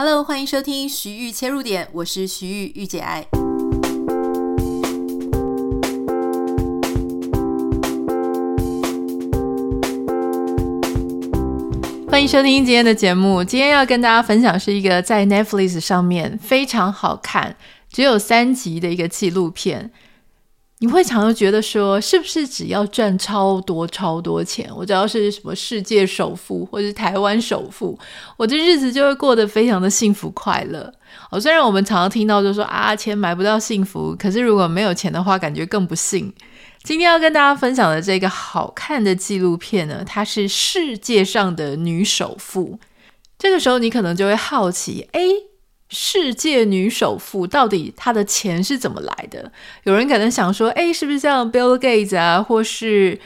Hello，歡迎收聽徐豫切入點，我是徐豫御姐愛。歡迎收聽今天的節目，今天要跟大家分享是一個在 Netflix 上面非常好看、只有三集的一個紀錄片。你會常常覺得說，是不是只要賺超多超多錢，我只要是什麼世界首富或者台灣首富，我的日子就會過得非常的幸福快樂？哦，雖然我們常常聽到就說啊，錢買不到幸福，可是如果沒有錢的話，感覺更不幸。今天要跟大家分享的這個好看的紀錄片呢，它是世界上的女首富。這個時候你可能就會好奇，誒……世界女首富到底她的錢是怎麼來的？有人可能想說：“誒，是不是像 Bill Gates 啊，或是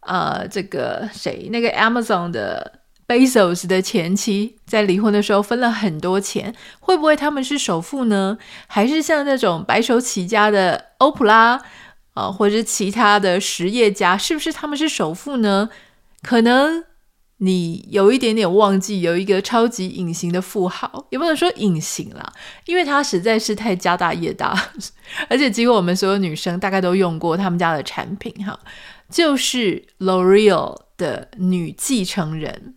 啊、呃、這個誰那個 Amazon 的 Bezos 的前妻，在離婚的時候分了很多錢，會不會他們是首富呢？還是像那種白手起家的歐普拉啊，或者是其他的實業家，是不是他們是首富呢？可能。”你有一點點忘記，有一個超級隱形的富豪，也不能說隱形啦，因為他實在是太家大業大，而且幾乎我們所有女生大概都用過他們家的產品哈，就是 L'Oreal 的女繼承人。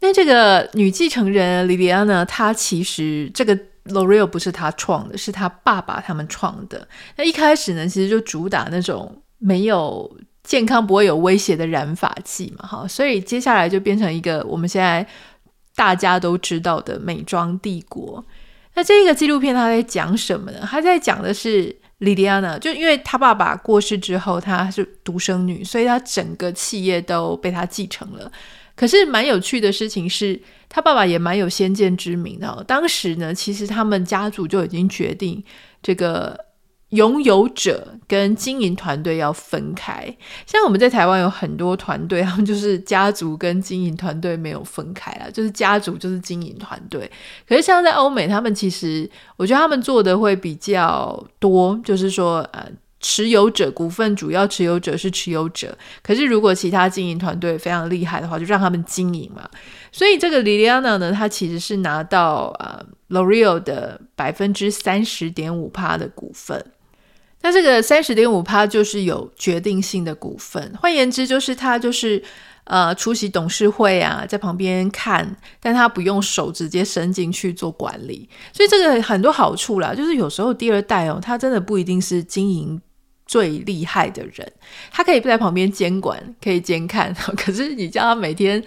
那這個女繼承人莉莉安呢，她其實這個 L'Oreal 不是她創的，是她爸爸他們創的。那一開始呢，其實就主打那種沒有，健康不會有威脅的染髮劑嘛，哈，所以接下來就變成一個我們現在大家都知道的美妝帝國。那這個紀錄片他在講什麼呢？他在講的是莉莉安娜，就因為她爸爸過世之後，她是獨生女，所以她整個企業都被她繼承了。可是蠻有趣的事情是，她爸爸也蠻有先見之明的。當時呢，其實他們家族就已經決定這個。擁有者跟經營團隊要分開，像我們在台灣有很多團隊，他們就是家族跟經營團隊沒有分開啦，就是家族就是經營團隊。可是像在歐美，他們其實我覺得他們做的會比較多，就是說呃，持有者股份主要持有者是持有者，可是如果其他經營團隊非常厲害的話，就讓他們經營嘛。所以這個莉莉安娜呢，她其實是拿到呃 L'Oreal 的百分之三十點五趴的股份。那這個三十點五趴就是有決定性的股份，換言之就是他就是呃出席董事會啊，在旁邊看，但他不用手直接伸進去做管理，所以這個很多好處啦，就是有時候第二代哦，他真的不一定是經營最厲害的人，他可以不在旁邊監管，可以監看，可是你叫他每天。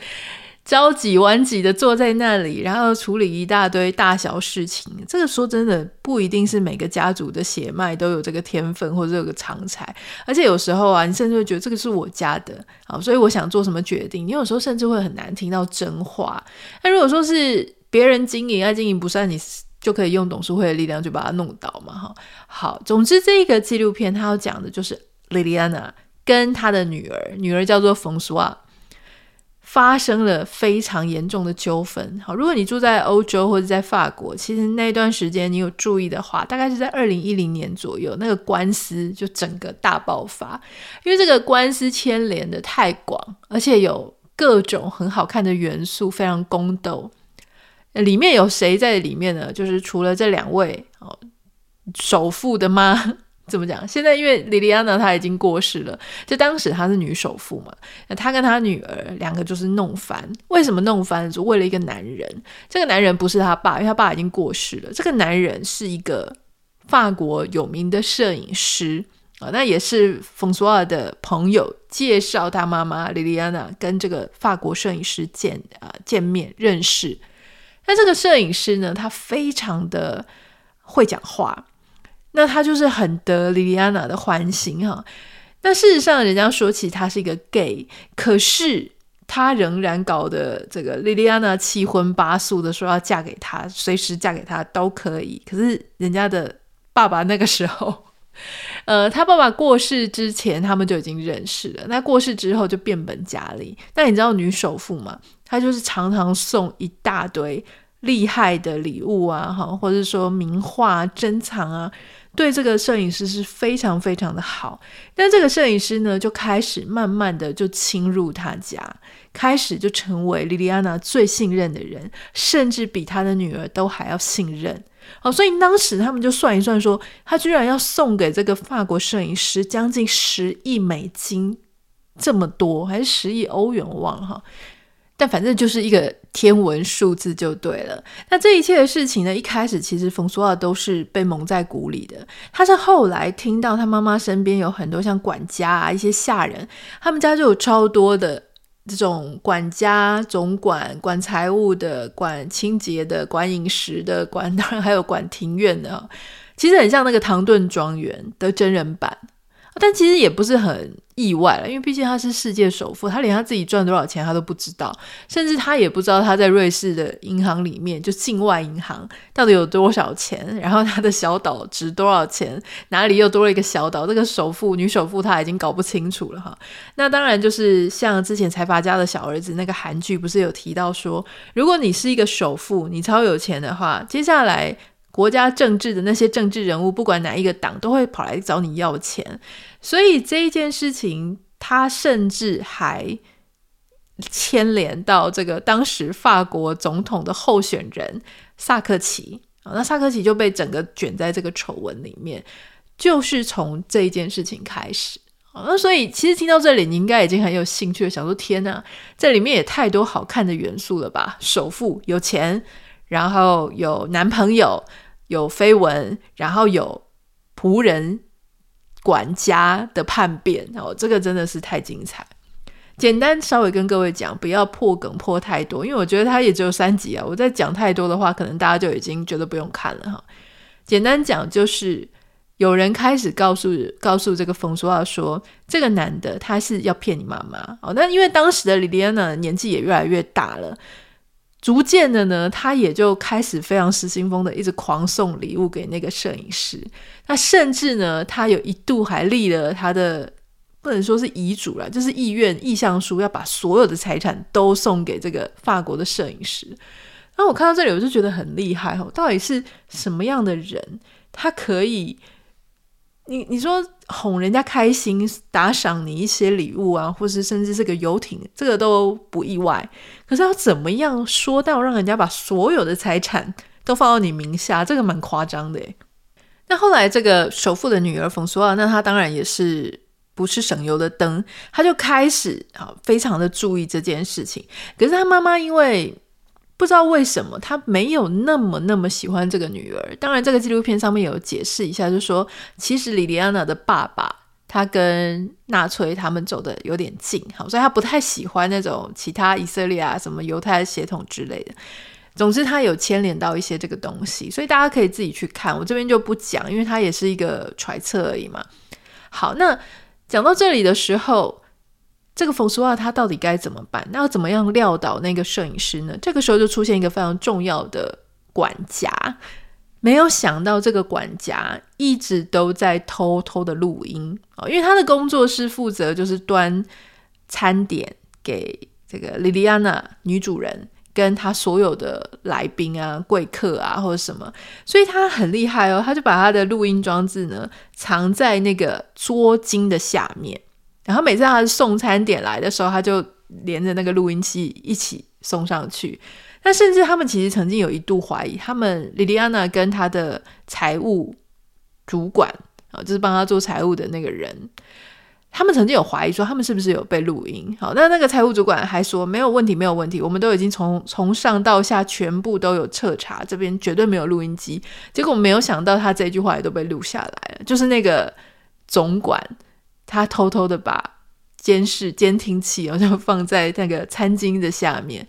着急、晚急的坐在那裡，然後處理一大堆大小事情。這個說真的，不一定是每個家族的血脈都有這個天分或者這個長才。而且有時候啊，你甚至會覺得這個是我家的啊，所以我想做什麼決定，你有時候甚至會很難聽到真話。那如果說是別人經營，啊經營不善，你就可以用董事會的力量去把它弄倒嘛，哈。好，總之這個紀錄片他要講的就是莉莉安娜跟她的女兒，女兒叫做馮蘇啊。發生了非常嚴重的糾紛。好，如果你住在歐洲或者在法國，其實那段時間你有注意的話，大概是在二零一零年左右，那個官司就整個大爆發。因為這個官司牽連得太廣，而且有各種很好看的元素，非常宮鬥。裡面有誰在裡面呢？就是除了這兩位哦，首富的嗎？怎麼講？現在因為莉莉安娜她已經過世了，就當時她是女首富嘛，那她跟她女兒兩個就是弄翻。為什麼弄翻？是為了一個男人。這個男人不是他爸，因為他爸已經過世了。這個男人是一個法國有名的攝影師啊，那、呃、也是馮索爾的朋友介紹他媽媽莉莉安娜跟這個法國攝影師見啊、呃、見面認識。那這個攝影師呢，他非常的會講話。那他就是很得莉莉安娜的歡心哈。那事實上，人家說起他是一個 gay，可是他仍然搞得這個莉莉安娜七葷八素的，說要嫁給他，隨時嫁給他都可以。可是人家的爸爸那個時候，呃，他爸爸過世之前，他們就已經認識了。那過世之後就變本加厲。那你知道女首富嗎？她就是常常送一大堆厲害的禮物啊，哈，或者說名畫、珍藏啊。對這個攝影師是非常非常的好，但這個攝影師呢，就開始慢慢的就侵入他家，開始就成為莉莉安娜最信任的人，甚至比他的女兒都還要信任。好，所以當時他們就算一算說，說他居然要送給這個法國攝影師將近十億美金，這麼多還是十億歐元王，我忘了哈。但反正就是一個天文數字就對了。那這一切的事情呢，一開始其實馮索瓦都是被蒙在鼓裡的。他是後來聽到他媽媽身邊有很多像管家啊、一些下人，他們家就有超多的這種管家、總管、管財務的、管清潔的、管飲食的、管，當然還有管庭院的，其實很像那個唐頓莊園的真人版。但其實也不是很意外了，因為畢竟他是世界首富，他連他自己賺多少錢他都不知道，甚至他也不知道他在瑞士的銀行裡面，就境外銀行到底有多少錢，然後他的小島值多少錢，哪裡又多了一個小島，這個首富、女首富他已經搞不清楚了哈。那當然就是像之前財閥家的小兒子那個韓劇不是有提到說，如果你是一個首富，你超有錢的話，接下來。國家政治的那些政治人物，不管哪一個黨，都會跑來找你要錢。所以這一件事情，他甚至還牽連到這個當時法國總統的候選人薩科齊啊、哦。那薩科齊就被整個捲在這個醜聞裡面，就是從這一件事情開始。哦、所以，其實聽到這裡，你應該已經很有興趣了，想說：“天吶，這裡面也太多好看的元素了吧？首富有錢，然後有男朋友。”有緋聞，然後有僕人、管家的叛變哦，這個真的是太精彩。簡單稍微跟各位講，不要破梗破太多，因為我覺得它也只有三集啊。我再講太多的話，可能大家就已經覺得不用看了哈、哦。簡單講就是，有人開始告訴告訴這個馮叔要說這個男的他是要騙你媽媽哦。那因為當時的莉莉安年紀也越來越大了。逐漸的呢，他也就開始非常失心瘋的，一直狂送禮物給那個攝影師。那甚至呢，他有一度還立了他的，不能說是遺囑了，就是意願意向書，要把所有的財產都送給這個法國的攝影師。那我看到這裡，我就覺得很厲害哦，到底是什麼樣的人，他可以？你你說哄人家開心，打賞你一些禮物啊，或是甚至是個遊艇，這個都不意外。可是要怎麼樣說到讓人家把所有的財產都放到你名下，這個蠻誇張的哎。那後來這個首富的女兒馮素爾、啊，那她當然也是不是省油的燈，她就開始啊非常的注意這件事情。可是她媽媽因為。不知道為什麼他沒有那麼那麼喜歡這個女兒。當然，這個紀錄片上面有解釋一下就是，就說其實莉莉安娜的爸爸他跟納粹他們走得有點近，好，所以他不太喜歡那種其他以色列啊、什麼猶太血統之類的。總之，他有牽連到一些這個東西，所以大家可以自己去看，我這邊就不講，因為他也是一個揣測而已嘛。好，那講到這裡的時候。這個馮蘇啊，他到底該怎麼辦？那要怎麼樣撂倒那個攝影師呢？這個時候就出現一個非常重要的管家。沒有想到，這個管家一直都在偷偷的錄音啊、哦，因為他的工作是負責就是端餐點給這個莉莉安娜女主人跟她所有的來賓啊、貴客啊或者什麼，所以他很厲害哦，他就把他的錄音裝置呢藏在那個桌巾的下面。然後每次他送餐點來的時候，他就連着那個錄音器一起送上去。那甚至他們其實曾經有一度懷疑，他們莉莉安娜跟他的財務主管啊，就是幫他做財務的那個人，他們曾經有懷疑說他們是不是有被錄音。好，那那個財務主管還說沒有問題，沒有問題，我們都已經從從上到下全部都有徹查，這邊絕對沒有錄音機。結果沒有想到，他這句話也都被錄下來了，就是那個總管。他偷偷的把監視監聽器，然後放在那個餐巾的下面，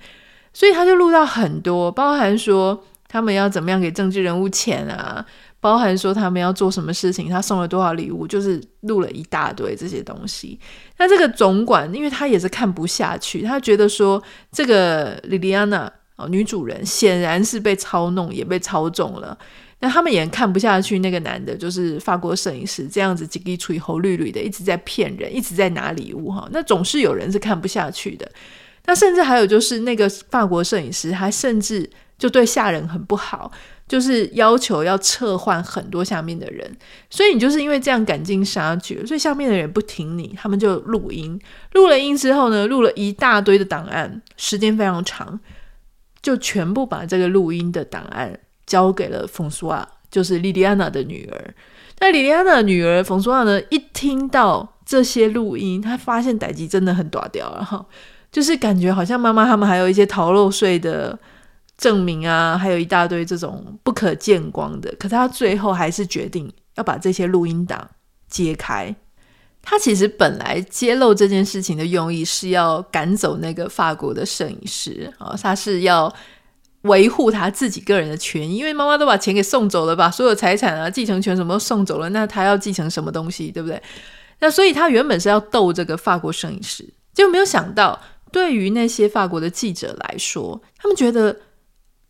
所以他就錄到很多，包含說他們要怎麼樣給政治人物錢啊，包含說他們要做什麼事情，他送了多少禮物，就是錄了一大堆這些東西。那這個總管，因為他也是看不下去，他覺得說這個莉莉安娜哦，女主人顯然是被操弄，也被操縱了。那他們也看不下去，那個男的，就是法國攝影師，這樣子力處於吼綠綠的，一直在騙人，一直在拿禮物哈。那總是有人是看不下去的。那甚至還有就是那個法國攝影師，他甚至就對下人很不好，就是要求要撤換很多下面的人。所以你就是因為這樣趕盡殺絕，所以下面的人不挺你，他們就錄音，錄了音之後呢，錄了一大堆的檔案，時間非常長，就全部把這個錄音的檔案。交給了馮蘇亞，就是莉莉安娜的女兒。那莉莉安娜的女兒馮蘇亞呢，一聽到這些錄音，她發現代誌真的很大條，然後就是感覺好像媽媽他們還有一些逃漏稅的證明啊，還有一大堆這種不可見光的，可她最後還是決定要把這些錄音檔揭開。她其實本來揭露這件事情的用意是要趕走那個法國的攝影師啊，哦，她是要。維護他自己個人的權益，因為媽媽都把錢給送走了，把所有財產啊、繼承權什麼都送走了，那他要繼承什麼東西，對不對？那所以他原本是要鬥這個法國攝影師，就沒有想到，對於那些法國的記者來說，他們覺得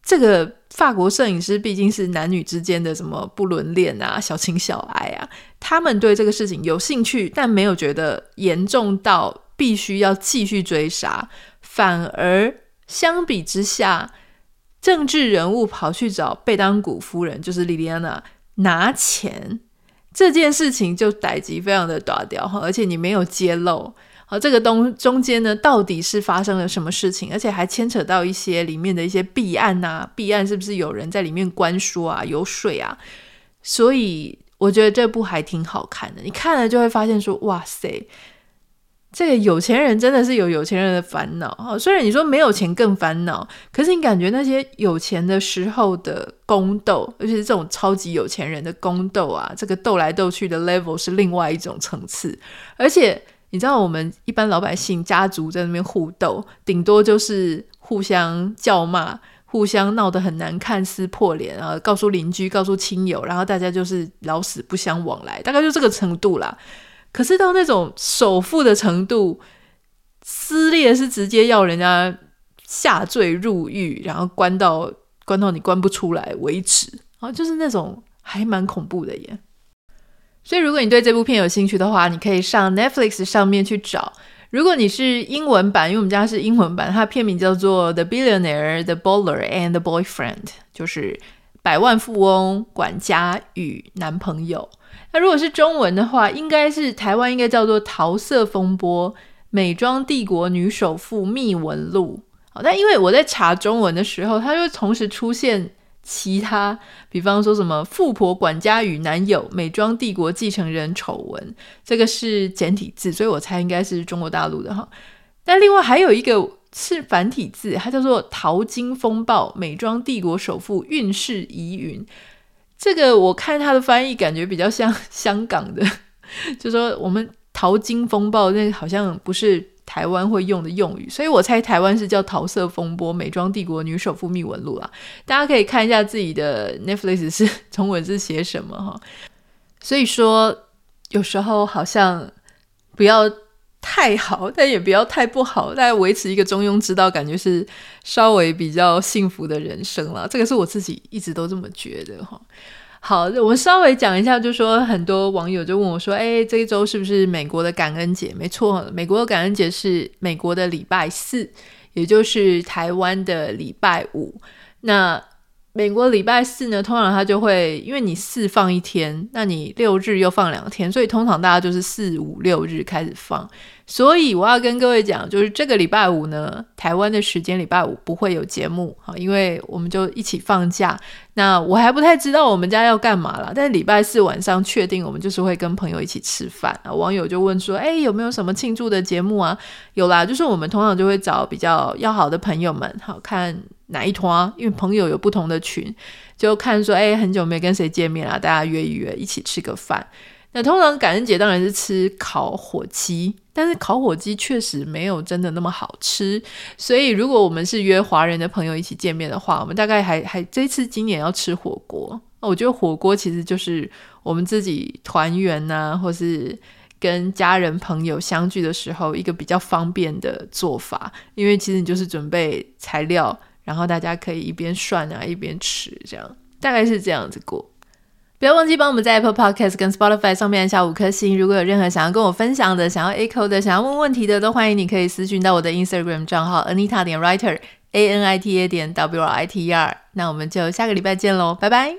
這個法國攝影師畢竟是男女之間的什麼不倫戀啊、小情小愛啊，他們對這個事情有興趣，但沒有覺得嚴重到必須要繼續追殺，反而相比之下。政治人物跑去找貝當古夫人，就是莉莉安娜拿錢這件事情，就代誌非常的大條，而且你沒有揭露，好，這個東中間呢，到底是發生了什麼事情，而且還牽扯到一些裡面的一些弊案啊，弊案是不是有人在裡面關說啊，有水啊，所以我覺得這部還挺好看的，你看了就會發現說，哇塞。這個有錢人真的是有有錢人的煩惱，哦，雖然你說沒有錢更煩惱，可是你感覺那些有錢的時候的宮鬥，尤其是這種超級有錢人的宮鬥啊，這個鬥來鬥去的 level 是另外一種層次。而且你知道，我們一般老百姓家族在那邊互鬥，頂多就是互相叫罵、互相鬧得很難看、撕破臉啊，告訴鄰居、告訴親友，然後大家就是老死不相往來，大概就這個程度啦。可是到那種首富的程度，撕裂是直接要人家下墜入獄，然後關到關到你關不出來為止，然、哦、就是那種還蠻恐怖的耶。所以如果你對這部片有興趣的話，你可以上 Netflix 上面去找。如果你是英文版，因為我們家是英文版，它的片名叫做《The Billionaire, The Butler, and the Boyfriend》，就是百萬富翁、管家與男朋友。那如果是中文的話，應該是台灣應該叫做《桃色風波：美妝帝國女首富秘聞錄》哦。好，但因為我在查中文的時候，它就同時出現其他，比方說什麼“富婆管家與男友”、“美妝帝國繼承人醜聞”。這個是簡體字，所以我猜應該是中國大陸的哈。但另外還有一個是繁體字，它叫做《淘金風暴：美妝帝國首富運勢疑雲》。這個我看他的翻譯，感覺比較像香港的，就說我們“淘金風暴”，那好像不是台灣會用的用語，所以我猜台灣是叫“桃色風波”、“美妝帝國女首富秘聞錄”啊，大家可以看一下自己的 Netflix 是中文是寫什麼哈、哦。所以說，有時候好像不要。太好，但也不要太不好，大家維持一個中庸之道，感覺是稍微比較幸福的人生了。這個是我自己一直都這麼覺得哈。好，我們稍微講一下，就說很多網友就問我說：“哎，這一周是不是美國的感恩節？”沒錯，美國的感恩節是美國的禮拜四，也就是台灣的禮拜五。那美國禮拜四呢，通常他就會，因為你四放一天，那你六日又放兩天，所以通常大家就是四五六日開始放。所以我要跟各位講，就是這個禮拜五呢，台灣的時間禮拜五不會有節目哈，因為我們就一起放假。那我還不太知道我們家要幹嘛啦，但禮拜四晚上確定我們就是會跟朋友一起吃飯啊。然後網友就問說，誒、哎，有沒有什麼慶祝的節目啊？有啦，就是我們通常就會找比較要好的朋友們，好看。哪一團、啊？因為朋友有不同的群，就看說，哎、欸，很久沒跟誰見面了，大家約一約，一起吃個飯。那通常感恩節當然是吃烤火雞，但是烤火雞確實沒有真的那麼好吃。所以如果我們是約華人的朋友一起見面的話，我們大概還還這一次今年要吃火鍋。那我覺得火鍋其實就是我們自己團圓呢，或是跟家人朋友相聚的時候一個比較方便的做法，因為其實你就是準備材料。然後大家可以一邊涮啊一邊吃，這樣大概是這樣子過。不要忘記幫我們在 Apple Podcast 跟 Spotify 上面按下五顆星。如果有任何想要跟我分享的、想要 echo 的、想要問問題的，都歡迎你，可以私訊到我的 Instagram 賬號 Anita 點 Writer，A N I T A 點 W R I T E R。那我們就下個禮拜見嘍，拜拜。